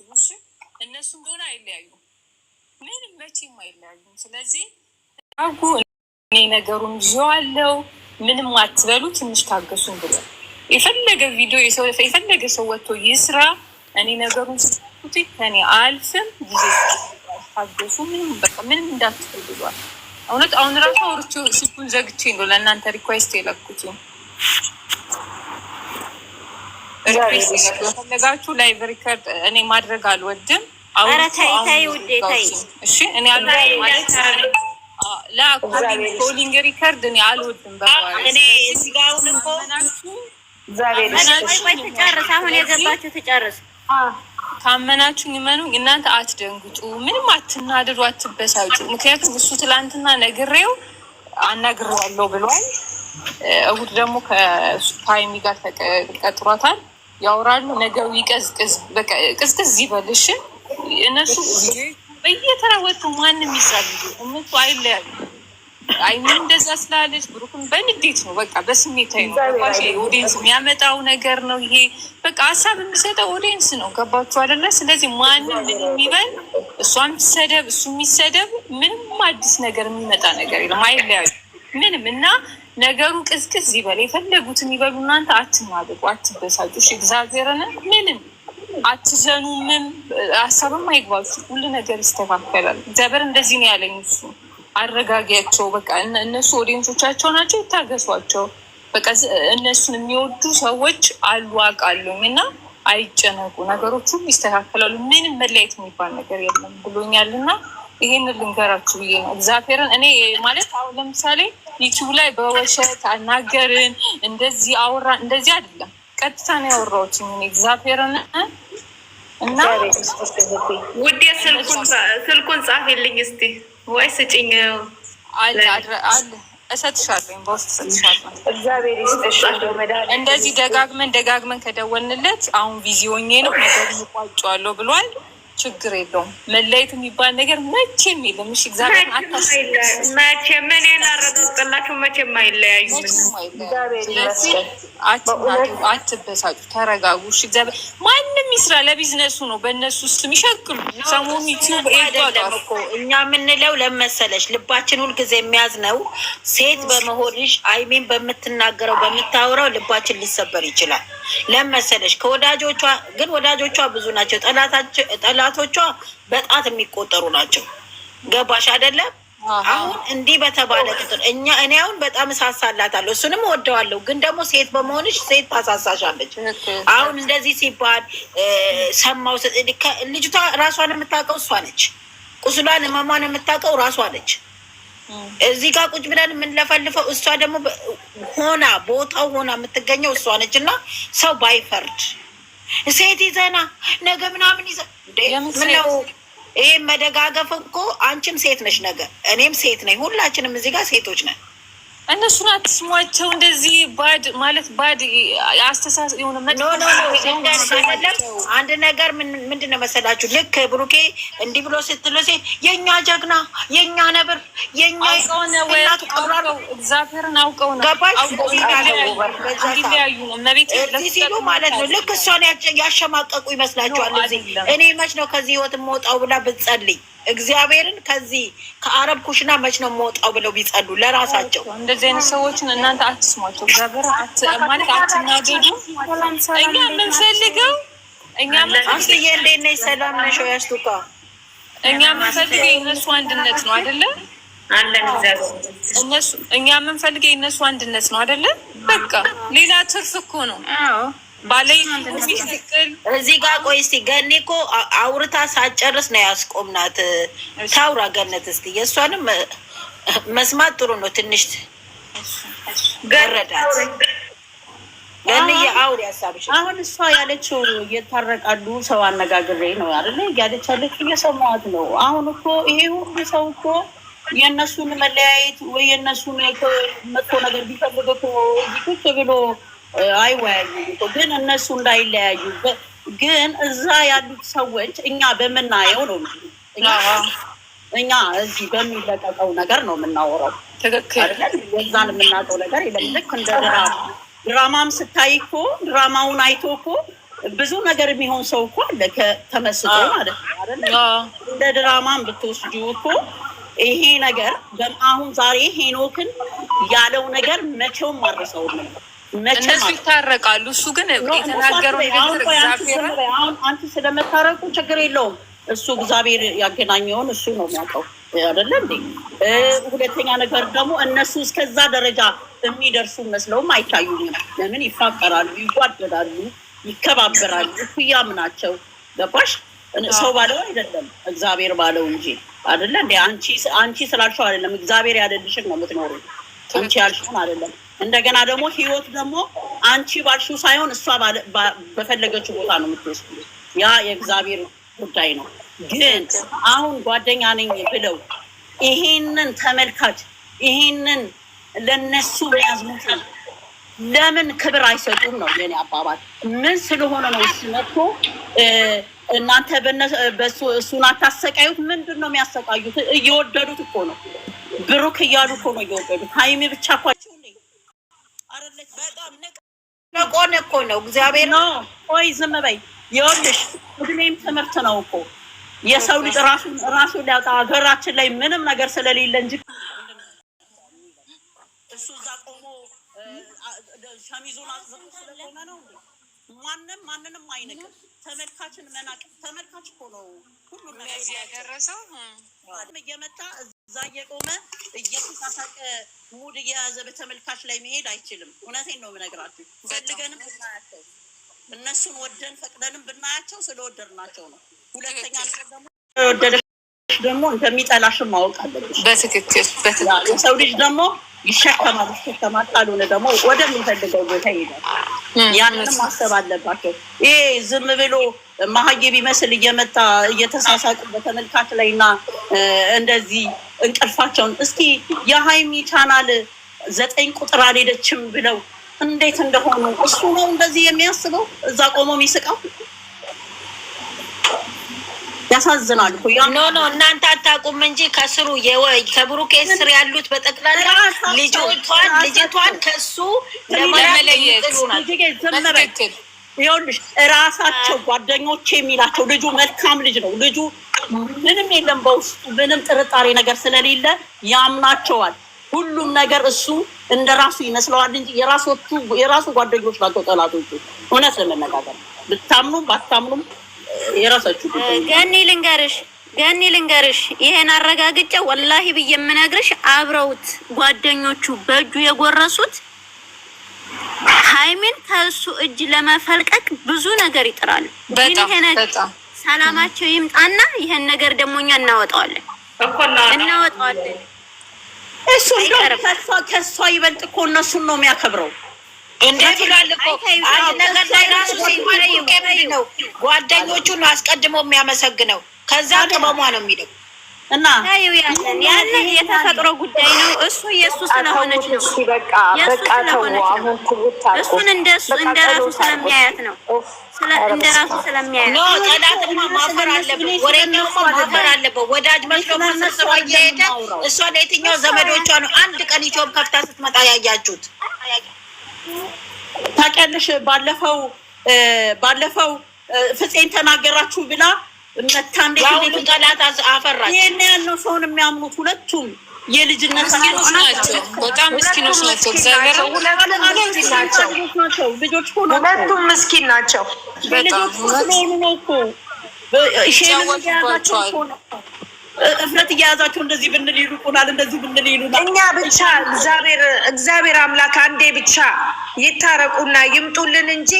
አስቡ። እሺ እነሱ እንደሆነ አይለያዩ፣ ምንም መቼም አይለያዩም። ስለዚህ አጉ እኔ ነገሩን ይዤዋለሁ፣ ምንም አትበሉ፣ ትንሽ ታገሱን ብሎ የፈለገ ቪዲዮ የፈለገ ሰው ወጥቶ ይስራ፣ እኔ ነገሩን ስት እኔ አልፍም፣ ጊዜ ታገሱ፣ ምንም በቃ ምንም እንዳትል ብሏል። እውነት አሁን ራሱ አውርቼው ስልኩን ዘግቼ ነው ለእናንተ ሪኳይስት የለኩትም። ከፈለጋችሁ ላይቭ ሪከርድ እኔ ማድረግ አልወድም። ኧረ ተይ ተይ ውዴ ተይ። እሺ እኔ ኮሊንግ ሪከርድ እኔ አልወድም። ትጨርስ አሁን የገባችሁ ትጨርስ። እናንተ አትደንግጡ፣ ምንም አትናድዱ፣ አትበሳጩ። ምክንያቱም እሱ ትላንትና ነግሬው አናግሬዋለሁ ብሏል። እሁድ ደግሞ ከሀይሚ ጋር ተቀጥሯታል። ያውራሉ። ነገው ይቀዝቅዝ፣ በቃ ቅዝቅዝ ይበልሽ። እነሱ በየተራ ማንም ይሳል እምቱ አይለያሉ። አይኑ እንደዛ ስላለች ብሩክም በንዴት ነው፣ በቃ በስሜታዊ ነው። ኦዲንስ የሚያመጣው ነገር ነው ይሄ። በቃ ሀሳብ የሚሰጠው ኦዲንስ ነው። ገባችሁ አይደለ? ስለዚህ ማንም ምን የሚበል እሷ የሚሰደብ እሱ የሚሰደብ ምንም አዲስ ነገር የሚመጣ ነገር የለም። አይለያዩ ምንም እና ነገሩ ቅዝቅዝ ይበል። የፈለጉትን ይበሉ። እናንተ አትናደቁ፣ አትበሳጩ። እግዚአብሔርን ምንም አትዘኑምም፣ ሀሳብም አይግባችሁ። ሁሉ ነገር ይስተካከላል። እግዚአብሔር እንደዚህ ነው ያለኝ። እሱ አረጋጊያቸው። በቃ እነሱ ኦዲየንሶቻቸው ናቸው፣ ይታገሷቸው። በቃ እነሱን የሚወዱ ሰዎች አሉ፣ አውቃለሁኝ እና አይጨነቁ፣ ነገሮች ሁሉ ይስተካከላሉ። ምንም መለያየት የሚባል ነገር የለም ብሎኛል እና ይሄንን ልንገራችሁ ብዬ ነው። እግዚአብሔርን እኔ ማለት አሁን ለምሳሌ ዩቲዩብ ላይ በወሸት አናገርን እንደዚህ አውራ እንደዚህ አይደለም፣ ቀጥታ ነው ያወራዎች እኔ እግዚአብሔርን እና ውዴ ስልኩን ጻፊልኝ እስቲ ወይ ስጭኝ አለ እሰጥሻለሁ በውስጥ እሰጥሻለሁ። እንደዚህ ደጋግመን ደጋግመን ከደወልንለት አሁን ቪዚዮኜ ነው ነገር ይቋጫዋለሁ ብሏል። ችግር የለውም። መለየት የሚባል ነገር መቼም የለም። እሺ እግዚአብሔር መቼም እኔ ላረጋግጥላችሁ መቼም አይለያዩ። አትበሳጩ፣ ተረጋጉ። እሺ እግዚአብሔር ማንም ይስራ ለቢዝነሱ ነው። በእነሱ ውስጥ የሚሸክሉ ሰሞኑን ዩቲዩብ እኛ የምንለው ለመሰለሽ ልባችን ሁልጊዜ የሚያዝ ነው። ሴት በመሆንሽ አይሜን በምትናገረው በምታወራው ልባችን ሊሰበር ይችላል። ለመሰለሽ ከወዳጆቿ ግን ወዳጆቿ ብዙ ናቸው፣ ጠላቶቿ በጣት የሚቆጠሩ ናቸው። ገባሽ አይደለም? አሁን እንዲህ በተባለ ቁጥር እኛ እኔ አሁን በጣም እሳሳላታለሁ፣ እሱንም ወደዋለሁ። ግን ደግሞ ሴት በመሆንሽ ሴት ታሳሳሻለች። አሁን እንደዚህ ሲባል ሰማው። ልጅቷ ራሷን የምታውቀው እሷ ነች። ቁስሏን ህመሟን የምታውቀው ራሷ ነች። እዚህ ጋር ቁጭ ብለን የምንለፈልፈው እሷ ደግሞ ሆና ቦታው ሆና የምትገኘው እሷ ነች። እና ሰው ባይፈርድ ሴት ይዘና ነገ ምናምን ይዘ ምነው ይህ መደጋገፍ እኮ አንቺም ሴት ነች፣ ነገ እኔም ሴት ነኝ። ሁላችንም እዚህ ጋር ሴቶች ነን። እነሱ ናት ስሟቸው እንደዚህ ባድ ማለት ባድ አስተሳሰብ የሆነ አንድ ነገር ምንድን ነው መሰላችሁ? ልክ ብሩኬ እንዲህ ብሎ ስትሎ ሴት የእኛ ጀግና፣ የእኛ ነብር፣ የእኛ እናቱ ቀብራሉ እግዚአብሔርን አውቀው ነው ገባችሊያዩ ነው መቤት ሲሉ ማለት ነው። ልክ እሷን ያሸማቀቁ ይመስላችኋል። እኔ መች ነው ከዚህ ህይወት የምወጣው ብላ ብትጸልይ እግዚአብሔርን ከዚህ ከአረብ ኩሽና መች ነው የምወጣው ብለው ቢጸሉ ለራሳቸው። እንደዚህ አይነት ሰዎችን እናንተ አትስሟቸው፣ ገብር ማለት አትናገዱ። እኛ የምንፈልገው እኛ ምንስዬ እንዴት ነሽ? ሰላም ነሽ? ያስቱካ እኛ የምንፈልገው የእነሱ አንድነት ነው አደለ? እነሱ እኛ የምንፈልገው የእነሱ አንድነት ነው አደለ? በቃ ሌላ ትርፍ እኮ ነው። እዚህ ጋር ቆይ እኮ አውርታ ሳጨርስ ነው ያስቆምናት። ታውራ ገነት የእሷንም መስማት ጥሩ ነው። ትንሽ ገረዳት አውሪ አሁን እሷ ያለችው እየታረቃሉ ሰው አነጋግሬ ነው ያለችው ነው። አሁን እኮ ይሄ ሁሉ ሰው እኮ የእነሱን መለያየት ወይ የእነሱን መጥፎ ነገር ቢፈልግ እኮ ብሎ አይወያዩ ግን እነሱ እንዳይለያዩ ግን እዛ ያሉት ሰዎች እኛ በምናየው ነው እኛ እዚህ በሚለቀቀው ነገር ነው የምናወራው። የዛን የምናውቀው ነገር የለም። ልክ እንደ ድራማ ድራማም ስታይ እኮ ድራማውን አይቶ እኮ ብዙ ነገር የሚሆን ሰው እኮ አለ ተመስጦ ማለት ነው። እንደ ድራማም ብትወስዱ እኮ ይሄ ነገር አሁን ዛሬ ሄኖክን ያለው ነገር መቼውም ነው እነዚህ ይታረቃሉ። እሱ ግን የተናገረው አንቺ ስለመታረቁ ችግር የለውም። እሱ እግዚአብሔር ያገናኘውን እሱ ነው የሚያውቀው አይደለ እንዴ? ሁለተኛ ነገር ደግሞ እነሱ እስከዛ ደረጃ የሚደርሱ መስለውም አይታዩኝም። ለምን ይፋቀራሉ፣ ይጓደዳሉ፣ ይከባበራሉ። እኩያም ናቸው። ገባሽ? ሰው ባለው አይደለም እግዚአብሔር ባለው እንጂ አይደለ እንዴ? አንቺ አንቺ ስላልሽው አይደለም እግዚአብሔር ያደልሽን ነው የምትኖሩ አንቺ ያልሽውን አይደለም እንደገና ደግሞ ህይወት ደግሞ አንቺ ባልሽው ሳይሆን እሷ በፈለገችው ቦታ ነው የምትወስዱ። ያ የእግዚአብሔር ጉዳይ ነው። ግን አሁን ጓደኛ ነኝ ብለው ይሄንን ተመልካች ይሄንን ለነሱ ያዝሙት ለምን ክብር አይሰጡም ነው የኔ አባባል። ምን ስለሆነ ነው እሱ መጥቶ እናንተ እሱን አታሰቃዩት። ምንድን ነው የሚያሰቃዩት? እየወደዱት እኮ ነው ብሩክ እያሉ እኮ ነው እየወደዱት። ሀይሚ ብቻ እኳቸው ቆን እኮ ነው እግዚአብሔር ነው። ቆይ ዝም በይ ይኸውልሽ፣ እድሜም ትምህርት ነው እኮ የሰው ልጅ ራሱን ራሱ ሊያውጣ ሀገራችን ላይ ምንም ነገር ስለሌለ እንጂ እሱ እዛ ቆሞ ሸሚዙን አዝሮ ስለቆመ ነው። ማንም ማንንም አይንቅም። ተመልካችን መናቅ ተመልካች እኮ ነው ሁሉም ነገር ያደረሰው እየመጣ እዛ እየቆመ እየተሳሳቀ ሙድ እየያዘ በተመልካች ላይ መሄድ አይችልም። እውነቴን ነው የምነግራችሁ። ፈልገንም ብናያቸው እነሱን ወደን ፈቅደንም ብናያቸው ስለወደድናቸው ነው። ሁለተኛ ወደደ ደግሞ እንደሚጠላሽም ማወቅ አለብሽ። በትክክል የሰው ልጅ ደግሞ ይሸከማል። ይሸከማል ካልሆነ ደግሞ ወደሚፈልገው ቦታ ይሄዳል። ያንንም ማሰብ አለባቸው። ይሄ ዝም ብሎ መሀየብ ቢመስል እየመጣ እየተሳሳቁ በተመልካች ላይ እና እንደዚህ እንቅልፋቸውን እስኪ የሀይሚ ቻናል ዘጠኝ ቁጥር አልሄደችም ብለው እንዴት እንደሆኑ እሱ ነው እንደዚህ የሚያስበው እዛ ቆሞ የሚስቀው ያሳዝናል። ኖ ኖ እናንተ አታውቁም እንጂ ከስሩ ከብሩኬ ስር ያሉት በጠቅላላ ልጅቷን ልጅቷን ከሱ ለማለየት ይኸውልሽ እራሳቸው ጓደኞቼ የሚላቸው ልጁ መልካም ልጅ ነው። ልጁ ምንም የለም በውስጡ ምንም ጥርጣሬ ነገር ስለሌለ ያምናቸዋል። ሁሉም ነገር እሱ እንደ ራሱ ይመስለዋል እንጂ የራሶቹ የራሱ ጓደኞች ናቸው ጠላቶቹ። እውነት ለመነጋገር ብታምኑም ባታምኑም የራሳችሁ ገኒ ልንገርሽ ገኒ ልንገርሽ ይሄን አረጋግጬ ወላሂ ብዬ የምነግርሽ አብረውት ጓደኞቹ በእጁ የጎረሱት ሀይሚን ከእሱ እጅ ለመፈልቀቅ ብዙ ነገር ይጥራሉ። ግን ይሄ ነገር ሰላማቸው ይምጣና ይሄን ነገር ደግሞ እኛ እናወጣዋለን እናወጣዋለን። እሱ ከእሷ ይበልጥ እኮ እነሱን ነው የሚያከብረው። እንዴት ጓደኞቹን አስቀድሞ የሚያመሰግነው ከዛ ቅመሟ ነው የሚለው እና ያንን የተፈጥሮ ጉዳይ ነው። እሱ የእሱ ስለሆነች ነው። የእሱ ስለሆነች ነው። እሱን እንደ ራሱ ስለሚያያት ነው። እንደ ራሱ ስለሚያያት ነው። ጠላትማ ማፈር አለበት፣ ወሬኛውማ ማፈር አለበት። ወዳጅ መስሎ መሰብሰባ እየሄደ እሷ ለየትኛው ዘመዶቿ ነው? አንድ ቀን ኢትዮፕ ከፍታ ስትመጣ ያያችሁት ታውቂያለሽ። ባለፈው ባለፈው ፍፄን ተናገራችሁ ብላ ጠላት አፈራች። ይሄን ያልነው ሰውን የሚያምኑት ሁለቱም የልጅነት ምስኪን ናቸው። በጣም ስለሆኑ እፍረት እየያዛቸው እንደዚህ ብንል ይሉናል፣ እንደዚህ ብንል ይሉናል። እኛ ብቻ እግዚአብሔር አምላክ አንዴ ብቻ ይታረቁና ይምጡልን እንጂ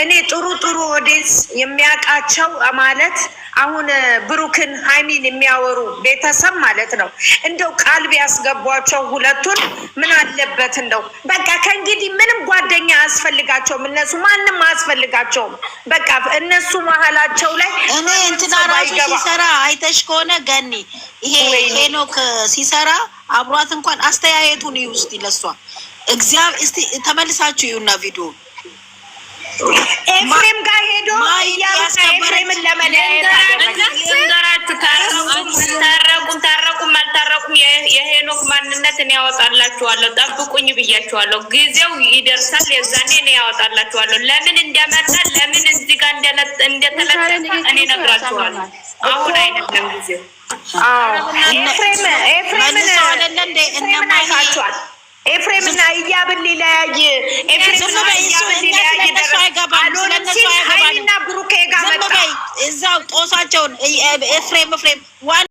እኔ ጥሩ ጥሩ ኦዲንስ የሚያውቃቸው ማለት አሁን ብሩክን ሀይሚን የሚያወሩ ቤተሰብ ማለት ነው። እንደው ቃል ቢያስገቧቸው ሁለቱን ምን አለበት? እንደው በቃ ከእንግዲህ ምንም ጓደኛ አያስፈልጋቸውም። እነሱ ማንም አያስፈልጋቸውም። በቃ እነሱ መሀላቸው ላይ እኔ እንትና ራሱ ሲሰራ አይተሽ ከሆነ ገኒ ይሄ ሄኖክ ሲሰራ አብሯት እንኳን አስተያየቱን ይውስጥ ይለሷ እግዚአብሔር። እስቲ ተመልሳችሁ ይሁና ቪዲዮ ኤፍሬም ጋር ሄዶ ኤፍሬምን ለመለያየት ታረቁም ታረቁም አልታረቁም የሄኖክ ማንነት እኔ ያወጣላችኋለሁ። ጠብቁኝ ብያችኋለሁ። ጊዜው ይደርሳል። የዛኔ እኔ ያወጣላችኋለሁ። ለምን እንደመጣ ለምን እዚህ ጋር እንደተለጠፈ እኔ ነግራችኋለሁ። አሁን አይደለም ጊዜው። ኤፍሬምን አይታችኋል። ኤፍሬም እና እያብን ሊለያይ ኤፍሬም እና እያብን ሊለያይ አልሆንም ሲል ሀይሚና ብሩኬ ጋር መጣ። እዛው ጦሳቸውን ኤፍሬም ኤፍሬም